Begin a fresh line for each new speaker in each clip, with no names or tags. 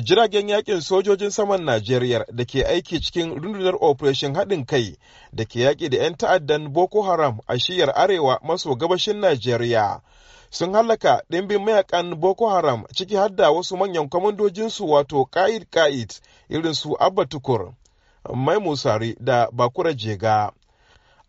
jiragen yakin sojojin saman Najeriya da ke aiki cikin rundunar operation haɗin kai da ke yaƙi da 'yan ta'addan Boko Haram a shiyar arewa maso gabashin Najeriya. Sun hallaka ɗimbin mayakan Boko Haram ciki hadda wasu manyan kwamandojinsu wato ƙa'id ƙa'id irin su Abba Tukur, Mai Musari da Bakura Jega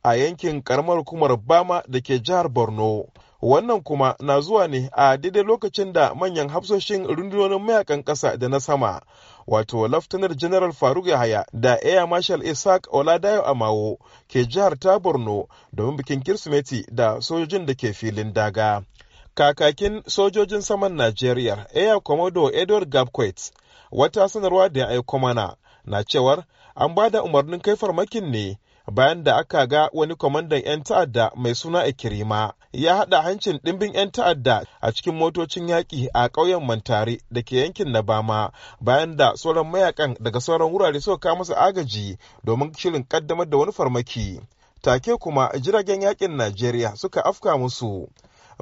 a yankin ƙaramar hukumar Bama da ke jihar Borno. Wannan kuma na zuwa ne a daidai lokacin da manyan hafsoshin rundunonin mayakan ƙasa da na sama, wato Laftanar General Faruk Yahaya da Air Marshal Isaac Oladayo Amawo ke jihar ta Borno domin bikin Kirsimeti da sojojin da ke filin daga. Kakakin sojojin saman nigeria Air Commodore Edward Gabquet, wata sanarwa da ya aiko mana na cewar an ba da umarnin kai farmakin ne bayan da aka ga wani kwamandan 'yan ta'adda mai suna ikirima ya haɗa hancin dimbin 'yan ta'adda a cikin motocin yaƙi a ƙauyen mantare da ke yankin na bama bayan da sauran mayakan daga sauran wurare suka kawo masa agaji domin shirin ƙaddamar da wani farmaki take kuma jiragen yaƙin najeriya suka afka musu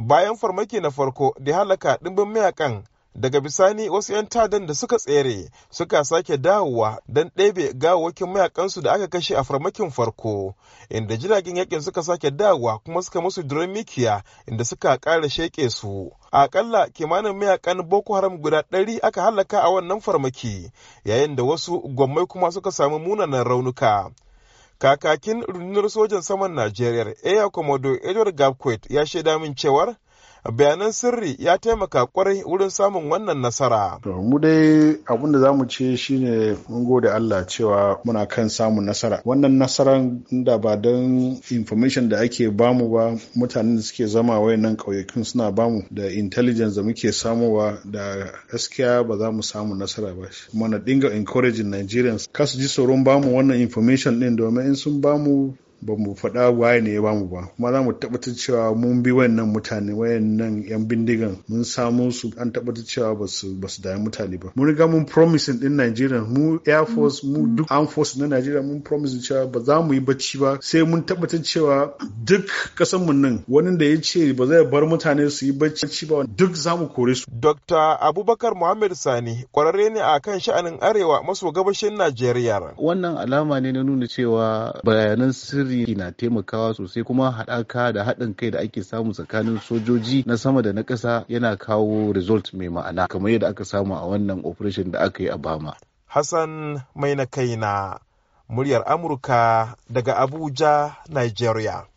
bayan farmaki na farko da halaka dimbin mayakan daga bisani wasu 'yan tadan da suka tsere suka sake dawowa don ɗebe gawakin mayakansu da aka kashe a farmakin farko inda jiragen yakin suka sake dawowa kuma suka musu duran mikiya inda suka ƙara sheƙe su akalla kimanin mayakan boko haram guda ɗari aka halaka a wannan farmaki yayin da wasu gwammai kuma suka samu munanan raunuka kakakin rundunar sojan saman najeriya air commodore edward gabquet ya shaida min cewar bayanan sirri ya taimaka kwarai wurin samun wannan nasara.
mu dai abin da zamu ce shine mun gode Allah cewa muna kan samun nasara. Wannan nasaran da ba don information da ake bamu ba mutanen da suke zama wayannan ƙauyakun suna bamu da intelligence da muke samowa da gaskiya ba za mu samu nasara ba. Mana dinga encouraging Nigerians kasu ji tsoron bamu wannan information din domin in sun bamu ba mu faɗa waye ne ya bamu ba kuma za mu tabbatar cewa mun bi wayannan mutane wayannan yan bindigan mun samu su an tabbatar cewa ba su mutane ba mun riga mun promising din Najeriya mu air force mu mm-hmm. duk armed force na Najeriya mun promise cewa ba za mu yi bacci ba sai mun tabbatar cewa duk kasan mu nan wani da ya ce ba zai
bar mutane su yi bacci ba duk za mu kore su Dr. Abubakar Muhammad Sani kwararre ne a kan sha'anin arewa maso gabashin Najeriya
wannan alama ne na nuna cewa bayanan sirri sirri na taimakawa sosai kuma haɗaka da haɗin kai da ake samu tsakanin sojoji na sama da na ƙasa yana kawo result mai ma'ana kamar yadda aka samu a wannan operation da aka yi a Bama.
Hassan mai na kaina muryar Amurka daga Abuja, Nigeria.